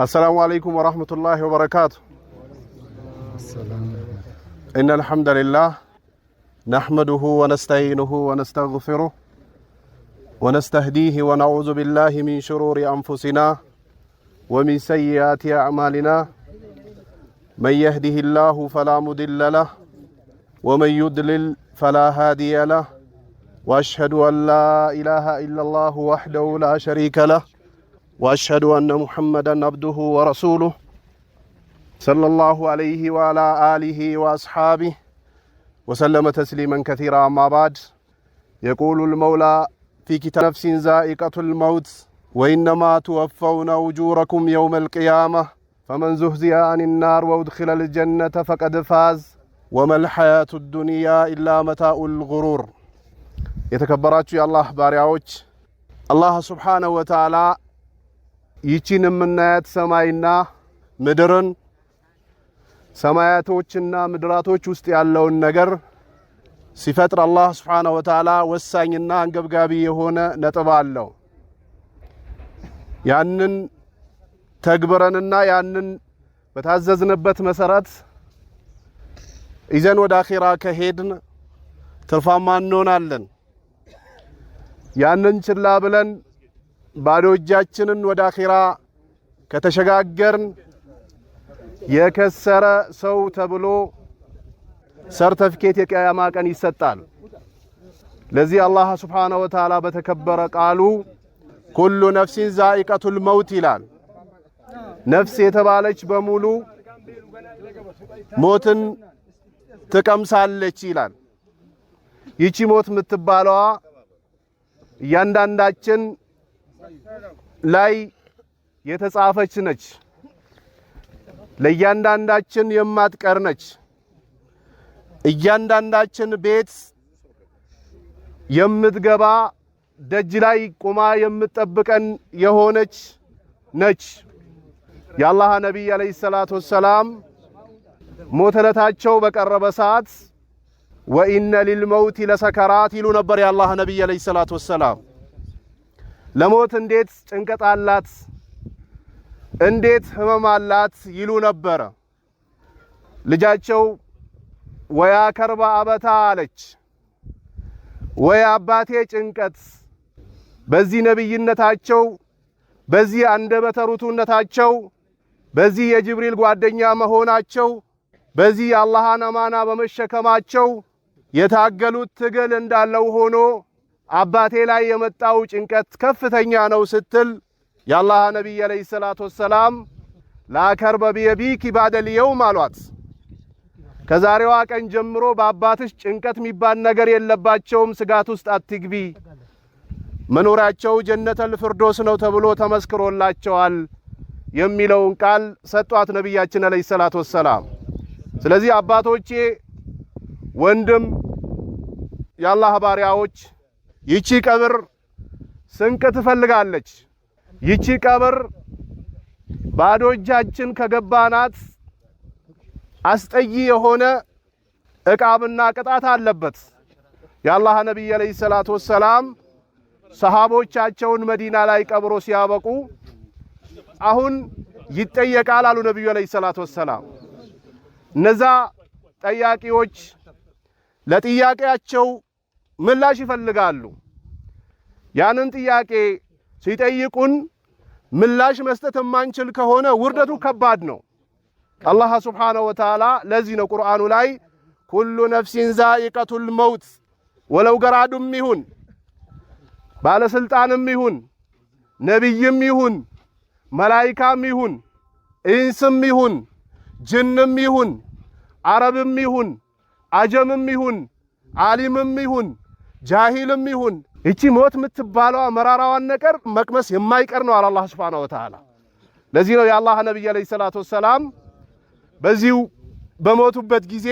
السلام عليكم ورحمة الله وبركاته السلام. إن الحمد لله نحمده ونستعينه ونستغفره ونستهديه ونعوذ بالله من شرور أنفسنا ومن سيئات أعمالنا من يهده الله فلا مضل له ومن يضلل فلا هادي له واشهد ان لا اله الا الله وحده لا شريك له واشهد ان محمدا عبده ورسوله صلى الله عليه وعلى اله واصحابه وسلم تسليما كثيرا اما بعد يقول المولى في كتاب نفس زائقه الموت وانما توفون اجوركم يوم القيامه فمن زهزئ عن النار وادخل الجنه فقد فاز وما الحياه الدنيا الا متاع الغرور يتكبرات يا الله ባሪያዎች الله سبحانه وتعالى ይቺን የምናያት ሰማይና ምድርን ሰማያቶችና ምድራቶች ውስጥ ያለውን ነገር ሲፈጥር አላህ ሱብሓነሁ ወተዓላ ወሳኝና አንገብጋቢ የሆነ ነጥብ አለው። ያንን ተግብረንና ያንን በታዘዝንበት መሰረት ይዘን ወደ አኺራ ከሄድን ትርፋማ እንሆናለን። ያንን ችላ ብለን ባዶ እጃችንን ወደ አኼራ ከተሸጋገርን የከሰረ ሰው ተብሎ ሰርተፍኬት የቅያማ ቀን ይሰጣል። ለዚህ አላህ ስብሓነ ወተዓላ በተከበረ ቃሉ ኩሉ ነፍሲን ዛኢቀቱል መውት ይላል። ነፍስ የተባለች በሙሉ ሞትን ትቀምሳለች ይላል። ይቺ ሞት የምትባለዋ እያንዳንዳችን ላይ የተጻፈች ነች። ለእያንዳንዳችን የማትቀር ነች። እያንዳንዳችን ቤት የምትገባ ደጅ ላይ ቆማ የምትጠብቀን የሆነች ነች። የአላህ ነቢይ አለይሂ ሰላቱ ወሰላም ሞተለታቸው በቀረበ ሰዓት ወኢነ ሊልመውት ለሰከራት ይሉ ነበር። የአላህ ነቢይ አለይሂ ሰላቱ ወሰላም ለሞት እንዴት ጭንቀት አላት፣ እንዴት ህመም አላት ይሉ ነበረ። ልጃቸው ወያ ከርባ አበታ አለች። ወይ አባቴ ጭንቀት በዚህ ነብይነታቸው በዚህ አንደበተ ርቱዕነታቸው በዚህ የጅብሪል ጓደኛ መሆናቸው በዚህ የአላህን አማና በመሸከማቸው የታገሉት ትግል እንዳለው ሆኖ አባቴ ላይ የመጣው ጭንቀት ከፍተኛ ነው ስትል የአላህ ነቢይ ዓለይሂ ሰላቱ ወሰላም ላከርበ ቢየቢክ ባደል የውም አሏት። ከዛሬዋ ቀን ጀምሮ በአባትሽ ጭንቀት የሚባል ነገር የለባቸውም፣ ስጋት ውስጥ አትግቢ፣ መኖሪያቸው ጀነተል ፍርዶስ ነው ተብሎ ተመስክሮላቸዋል የሚለውን ቃል ሰጧት ነቢያችን ዓለይሂ ሰላቱ ወሰላም። ስለዚህ አባቶቼ፣ ወንድም፣ የአላህ ባሪያዎች ይቺ ቀብር ስንቅ ትፈልጋለች። ይቺ ቀብር ባዶ እጃችን ከገባናት አስጠይ የሆነ እቃብና ቅጣት አለበት። የአላህ ነቢይ ዓለይሂ ሰላቱ ወሰላም ሰሃቦቻቸውን መዲና ላይ ቀብሮ ሲያበቁ አሁን ይጠየቃል አሉ ነቢዩ ዓለይሂ ሰላቱ ወሰላም። እነዛ ጠያቂዎች ለጥያቄያቸው ምላሽ ይፈልጋሉ። ያንን ጥያቄ ሲጠይቁን ምላሽ መስጠት የማንችል ከሆነ ውርደቱ ከባድ ነው። አላህ ሱብሓነሁ ወተዓላ ለዚህ ነው ቁርአኑ ላይ ኩሉ ነፍሲን ዛኢቀቱል መውት ወለው ገራዱም ይሁን ባለስልጣንም ይሁን ነቢይም ይሁን መላይካም ይሁን ኢንስም ይሁን ጅንም ይሁን አረብም ይሁን አጀምም ይሁን ዓሊምም ይሁን ጃሂልም ይሁን እቺ ሞት የምትባለው መራራዋን ነገር መቅመስ የማይቀር ነው አለ አላህ ሱብሓነሁ ወተዓላ። ለዚህ ነው የአላህ ነቢይ ዓለይሂ ሰላቱ ወሰላም በዚሁ በሞቱበት ጊዜ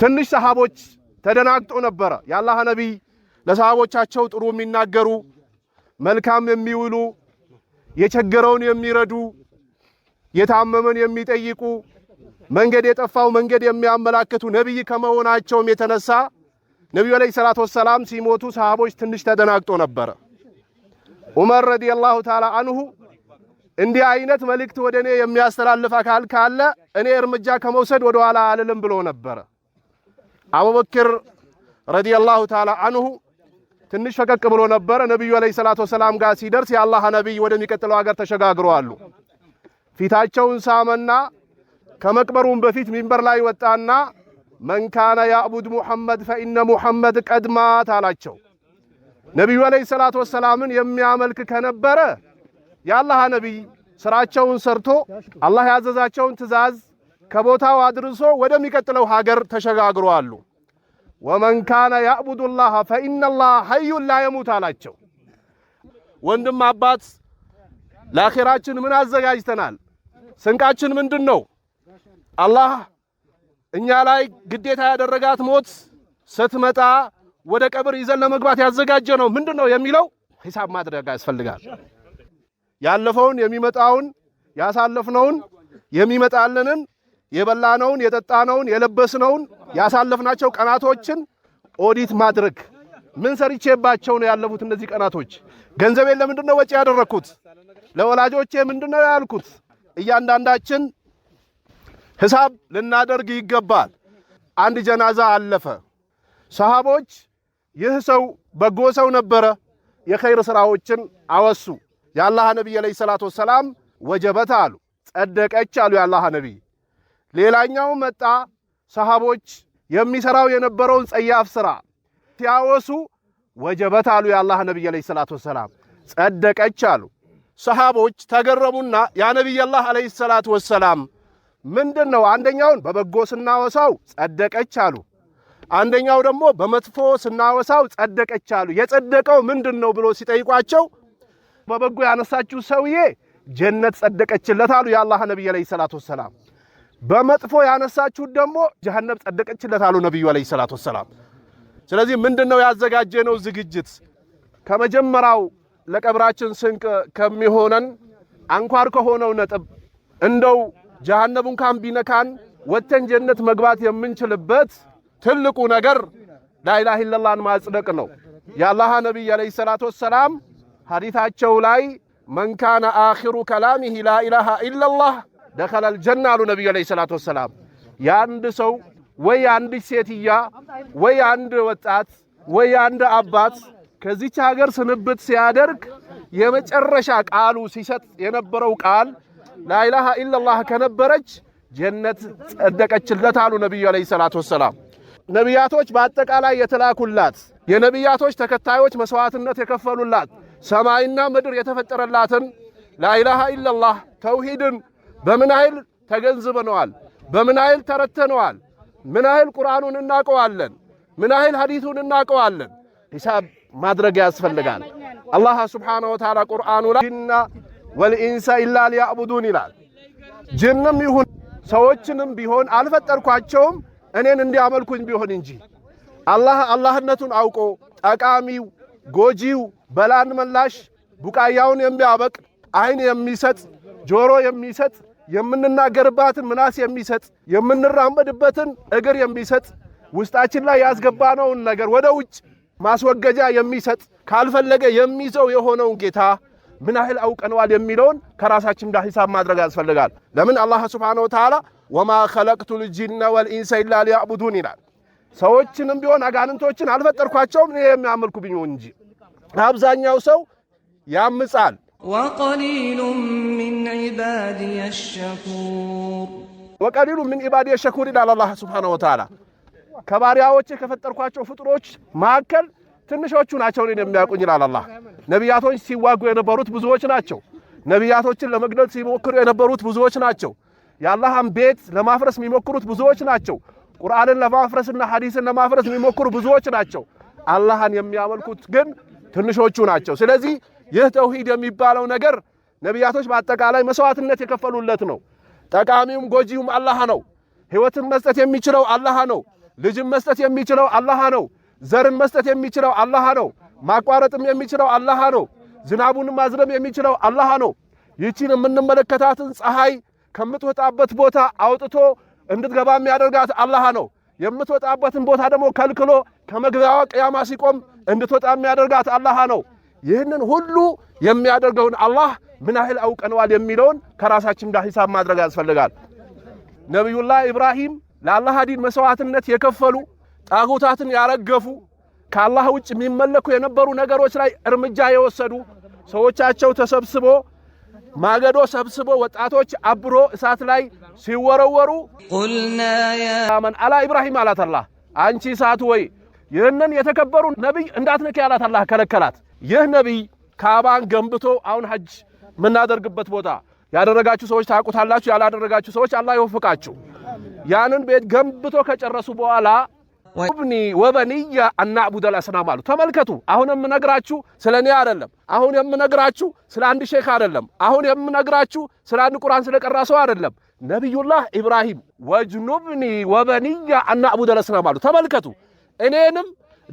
ትንሽ ሰሃቦች ተደናግጦ ነበረ። የአላህ ነቢይ ለሰሃቦቻቸው ጥሩ የሚናገሩ መልካም የሚውሉ የቸገረውን የሚረዱ የታመመን የሚጠይቁ መንገድ የጠፋው መንገድ የሚያመላክቱ ነቢይ ከመሆናቸውም የተነሳ ነቢዩ ዓለይሂ ሰላቱ ወሰላም ሲሞቱ ሰሃቦች ትንሽ ተደናግጦ ነበረ። ዑመር ረዲየላሁ ተዓላ አንሁ እንዲህ አይነት መልእክት ወደ እኔ የሚያስተላልፍ አካል ካለ እኔ እርምጃ ከመውሰድ ወደ ኋላ አልልም ብሎ ነበረ። አቡበክር ረዲየላሁ ተዓላ አንሁ ትንሽ ፈቀቅ ብሎ ነበረ። ነቢዩ ዓለይሂ ሰላቱ ወሰላም ጋር ሲደርስ የአላህ ነቢይ ወደሚቀጥለው ሀገር አሉ። ፊታቸውን ሳመና ከመቅበሩን በፊት ሚንበር ላይ ወጣና መንካነ ያዕቡድ ሙሐመድ ፈኢነ ሙሐመድ ቀድማት አላቸው። ነቢዩ ዓለይሂ ሰላቱ ወሰላምን የሚያመልክ ከነበረ የአላህ ነቢይ ስራቸውን ሰርቶ አላህ ያዘዛቸውን ትእዛዝ ከቦታው አድርሶ ወደሚቀጥለው ሀገር ተሸጋግሮ አሉ። ወመን ካነ ያዕቡዱ ላህ ፈኢነላህ ሐዩን ላየሙት አላቸው። ወንድም አባት ለአኼራችን ምን አዘጋጅተናል? ስንቃችን ምንድን ነው? አላህ እኛ ላይ ግዴታ ያደረጋት ሞት ስትመጣ ወደ ቀብር ይዘን ለመግባት ያዘጋጀ ነው ምንድን ነው የሚለው ሂሳብ ማድረግ ያስፈልጋል። ያለፈውን፣ የሚመጣውን፣ ያሳለፍነውን፣ የሚመጣልንን፣ የበላነውን፣ የጠጣነውን፣ የለበስነውን፣ ያሳለፍናቸው ቀናቶችን ኦዲት ማድረግ ምን ሰርቼባቸው ነው ያለፉት እነዚህ ቀናቶች? ገንዘቤን ለምንድን ነው ወጪ ያደረግኩት? ለወላጆቼ ምንድን ነው ያልኩት? እያንዳንዳችን ሕሳብ ልናደርግ ይገባል። አንድ ጀናዛ አለፈ። ሰሃቦች ይህ ሰው በጎ ሰው ነበረ፣ የኸይር ሥራዎችን አወሱ። የአላህ ነቢይ ዓለይሂ ሰላቱ ወሰላም ወጀበት አሉ፣ ጸደቀች አሉ የአላህ ነቢይ። ሌላኛው መጣ። ሰሃቦች የሚሠራው የነበረውን ጸያፍ ሥራ ሲያወሱ ወጀበት አሉ የአላህ ነቢይ ዓለይሂ ሰላቱ ወሰላም፣ ጸደቀች አሉ። ሰሃቦች ተገረሙና ያ ነቢይ አላህ ዓለይሂ ሰላቱ ወሰላም ምንድን ነው? አንደኛውን በበጎ ስናወሳው ጸደቀች አሉ። አንደኛው ደግሞ በመጥፎ ስናወሳው ጸደቀች አሉ። የጸደቀው ምንድን ነው ብሎ ሲጠይቋቸው በበጎ ያነሳችሁ ሰውዬ ጀነት ጸደቀችለት አሉ የአላህ ነቢይ ዓለይሂ ሰላት ወሰላም። በመጥፎ ያነሳችሁት ደግሞ ጀሃነም ጸደቀችለት አሉ ነቢዩ ዓለይሂ ሰላት ወሰላም። ስለዚህ ምንድን ነው ያዘጋጀነው ዝግጅት ከመጀመሪያው ለቀብራችን ስንቅ ከሚሆነን አንኳር ከሆነው ነጥብ እንደው ጀሃነቡን ካን ቢነካን ወጥተን ጀነት መግባት የምንችልበት ትልቁ ነገር ላኢላህ ኢለላህን ማጽደቅ ነው። የአላህ ነቢይ አለይሂ ሰላቱ ወሰላም ሐዲታቸው ላይ መንካነ አኺሩ ከላሚሂ ላኢላሃ ኢለላህ ደኸለል ጀና አሉ ነቢዩ አለይሂ ሰላቱ ወሰላም። የአንድ ሰው ወይ አንድ ሴትያ ወይ አንድ ወጣት ወይ አንድ አባት ከዚች ሀገር ስንብት ሲያደርግ የመጨረሻ ቃሉ ሲሰጥ የነበረው ቃል ላኢላሃ ኢለላህ ከነበረች ጀነት ጸደቀችለት አሉ ነቢዩ ዓለይሂ ሰላቱ ወሰላም። ነቢያቶች በአጠቃላይ የተላኩላት የነቢያቶች ተከታዮች መስዋዕትነት የከፈሉላት ሰማይና ምድር የተፈጠረላትን ላኢላሃ ኢለላህ ተውሂድን በምን ያህል ተገንዝበነዋል? በምን ያህል ተረተነዋል? ምን ያህል ቁርአኑን እናቀዋለን? ምን ያህል ሐዲሱን እናቀዋለን? ሂሳብ ማድረግ ያስፈልጋል። አላህ ሱብሓነሁ ወተዓላ ቁርአኑ ላይ ወልኢንሳ ኢላ ሊያዕቡዱን ይላል። ጅንም ይሁን ሰዎችንም ቢሆን አልፈጠርኳቸውም እኔን እንዲያመልኩኝ ቢሆን እንጂ አላህ አላህነቱን አውቆ ጠቃሚው፣ ጎጂው፣ በላን መላሽ፣ ቡቃያውን የሚያበቅ አይን የሚሰጥ ጆሮ የሚሰጥ የምንናገርባትን ምናስ የሚሰጥ የምንራመድበትን እግር የሚሰጥ ውስጣችን ላይ ያስገባነውን ነገር ወደ ውጭ ማስወገጃ የሚሰጥ ካልፈለገ የሚይዘው የሆነውን ጌታ ምን ያህል አውቀነዋል የሚለውን ከራሳችን ጋር ሂሳብ ማድረግ ያስፈልጋል። ለምን አላህ ስብሓነሁ ወተዓላ ወማ ኸለቅቱ ልጅነ ወልኢንሰ ኢላ ሊያዕቡዱን ይላል። ሰዎችንም ቢሆን አጋንንቶችን አልፈጠርኳቸውም እኔ የሚያመልኩብኝ እንጂ። አብዛኛው ሰው ያምጻል። ወቀሊሉ ምን ዒባዲየ ሸኩር ወቀሊሉ ምን ዒባዲየ ሸኩር ይላል አላህ ስብሓነሁ ወተዓላ ከባሪያዎቼ ከፈጠርኳቸው ፍጡሮች መካከል ትንሾቹ ናቸውን የሚያውቁኝ ይላል አላህ ነቢያቶች ሲዋጉ የነበሩት ብዙዎች ናቸው። ነቢያቶችን ለመግደል ሲሞክሩ የነበሩት ብዙዎች ናቸው። የአላህን ቤት ለማፍረስ የሚሞክሩት ብዙዎች ናቸው። ቁርአንን ለማፍረስና ሐዲስን ለማፍረስ የሚሞክሩ ብዙዎች ናቸው። አላህን የሚያመልኩት ግን ትንሾቹ ናቸው። ስለዚህ ይህ ተውሂድ የሚባለው ነገር ነቢያቶች በአጠቃላይ መስዋዕትነት የከፈሉለት ነው። ጠቃሚውም ጎጂውም አላህ ነው። ህይወትን መስጠት የሚችለው አላህ ነው። ልጅን መስጠት የሚችለው አላህ ነው። ዘርን መስጠት የሚችለው አላህ ነው። ማቋረጥም የሚችለው አላህ ነው። ዝናቡን ማዝረም የሚችለው አላህ ነው። ይቺን የምንመለከታትን ፀሐይ ከምትወጣበት ቦታ አውጥቶ እንድትገባ የሚያደርጋት አላህ ነው። የምትወጣበትን ቦታ ደግሞ ከልክሎ ከመግቢያዋ ቅያማ ሲቆም እንድትወጣ የሚያደርጋት አላህ ነው። ይህንን ሁሉ የሚያደርገውን አላህ ምን ያህል አውቀነዋል የሚለውን ከራሳችን ጋር ሂሳብ ማድረግ ያስፈልጋል። ነቢዩላህ ኢብራሂም ለአላህ ዲን መስዋዕትነት የከፈሉ ጣጉታትን ያረገፉ ከአላህ ውጭ የሚመለኩ የነበሩ ነገሮች ላይ እርምጃ የወሰዱ ሰዎቻቸው ተሰብስቦ ማገዶ ሰብስቦ ወጣቶች አብሮ እሳት ላይ ሲወረወሩ ቁልናያመን አላ ኢብራሂም አላት አላህ አንቺ እሳት ወይ ይህንን የተከበሩ ነቢይ እንዳትነኪ አላት አላህ ከለከላት። ይህ ነቢይ ካባን ገንብቶ አሁን ሐጅ የምናደርግበት ቦታ ያደረጋችሁ ሰዎች ታውቁታላችሁ፣ ያላደረጋችሁ ሰዎች አላህ ይወፍቃችሁ። ያንን ቤት ገንብቶ ከጨረሱ በኋላ ወብኒ ወበንያ አናዕቡደል አስናም አሉ። ተመልከቱ። አሁን የምነግራችሁ ስለ እኔ አይደለም። አሁን የምነግራችሁ ስለ አንድ ሼክ አይደለም። አሁን የምነግራችሁ ስለ አንድ ቁርአን ስለ ቀራ ሰው አይደለም። ነቢዩላህ ኢብራሂም ወጅኑብኒ ወበንያ አናዕቡደል አስናም አሉ። ተመልከቱ። እኔንም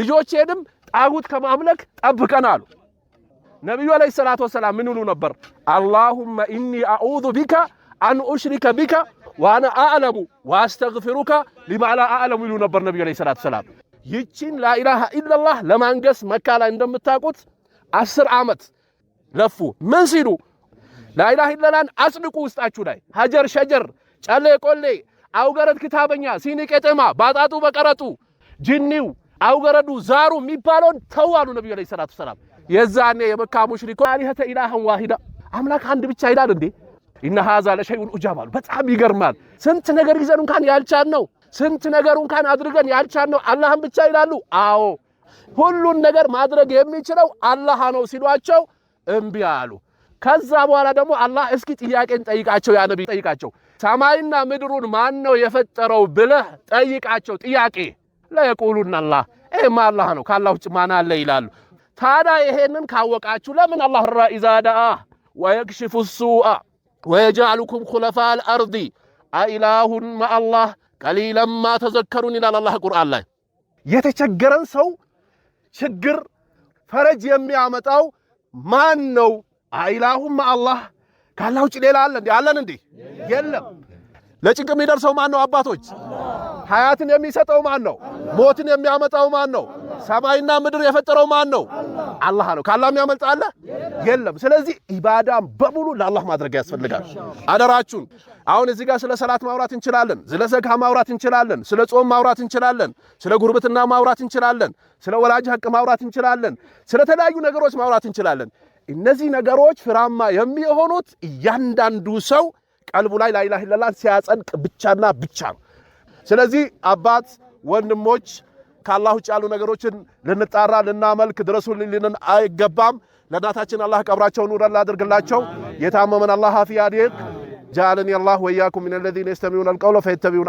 ልጆቼንም ጣጉት ከማምለክ ጠብቀን አሉ። ነቢዩ ዓለይሂ ሰላቱ ወሰላም ምን ይሉ ነበር? አላሁመ ኢኒ አዑዙ ቢከ አን ኡሽሪከ ቢከ ዋነ አዕለሙ ወአስተግፊሩከ ሊማላ አዕለሙ ይሉ ነበር ነቢዩ ዓለይሂ ሰላቱ ሰላም። ይቺን ላኢላሃ ኢለላህ ለማንገስ መካ ላይ እንደምታውቁት አስር ዓመት ለፉ። ምን ሲሉ ላኢላሃ ኢለላህን አጽድቁ ውስጣችሁ ላይ ሀጀር ሸጀር ጨሌ ቆሌ አውገረድ ክታበኛ ሲኒ ቄጤማ ባጣጡ በቀረጡ ጅኒው አውገረዱ ዛሩ የሚባለውን ተው አሉ ነቢዩ ዓለይሂ ሰላቱ ሰላም። የዛኔ የመካ ሙሽሪኮ አሊሀተ ኢላሃን ዋሂዳ አምላክ አንድ ብቻ ይላል እንዴ ኢና ሃዛ ኡጃብ አሉ። በጣም ይገርማል። ስንት ነገር ይዘን እንኳን ያልቻልነው ስንት ነገር እንኳን አድርገን ያልቻልነው አላህን ብቻ ይላሉ። አዎ ሁሉን ነገር ማድረግ የሚችለው አላህ ነው ሲሏቸው እምቢ አሉ። ከዛ በኋላ ደግሞ አላህ እስኪ ጥያቄን ጠይቃቸው፣ ያ ነብይ ጠይቃቸው፣ ሰማይና ምድሩን ማን ነው የፈጠረው ብለህ ጠይቃቸው ጥያቄ ለየቁሉና አላህ ይሄማ አላህ ነው ካላህ ውጭ ማን አለ ይላሉ። ታዲያ ይሄንን ካወቃችሁ ለምን አላህ ራ ወየክሽፉ ሱአ ወየጃአልኩም ኩለፋል አርዲ አኢላሁን መአላህ ቀሊለማ ተዘከሩን ይላል አላህ ቁርአን ላይ። የተቸገረን ሰው ችግር ፈረጅ የሚያመጣው ማን ነው? አኢላሁን መአላህ ካላህ ውጭ ሌላ አለ እንዴ? አለን እንዴ? የለም። ለጭንቅ የሚደርሰው ማን ነው? አባቶች። ሀያትን የሚሰጠው ማን ነው? ሞትን የሚያመጣው ማን ነው? ሰማይና ምድር የፈጠረው ማን ነው? አላህ ነው። ከአላህ የሚያመልጥ አለ የለም። ስለዚህ ኢባዳም በሙሉ ለአላህ ማድረግ ያስፈልጋል። አደራችሁን። አሁን እዚህ ጋር ስለ ሰላት ማውራት እንችላለን፣ ስለ ዘካ ማውራት እንችላለን፣ ስለ ጾም ማውራት እንችላለን፣ ስለ ጉርብትና ማውራት እንችላለን፣ ስለ ወላጅ ሀቅ ማውራት እንችላለን፣ ስለ ተለያዩ ነገሮች ማውራት እንችላለን። እነዚህ ነገሮች ፍራማ የሚሆኑት እያንዳንዱ ሰው ቀልቡ ላይ ላኢላሃ ኢለላህ ሲያጸድቅ ብቻና ብቻ ነው። ስለዚህ አባት ወንድሞች ከአላህ ውጭ ያሉ ነገሮችን ልንጣራ ልናመልክ ድረሱልኝ ልንን አይገባም። ለእናታችን አላህ ቀብራቸውን ኑረላ ላድርግላቸው። የታመመን አላህ አፊያ ዲቅ ጃአለኒ አላህ ወያኩም ሚነ ለዚነ የስተሚዑነ አልቀውለ ፈየተቢዑነ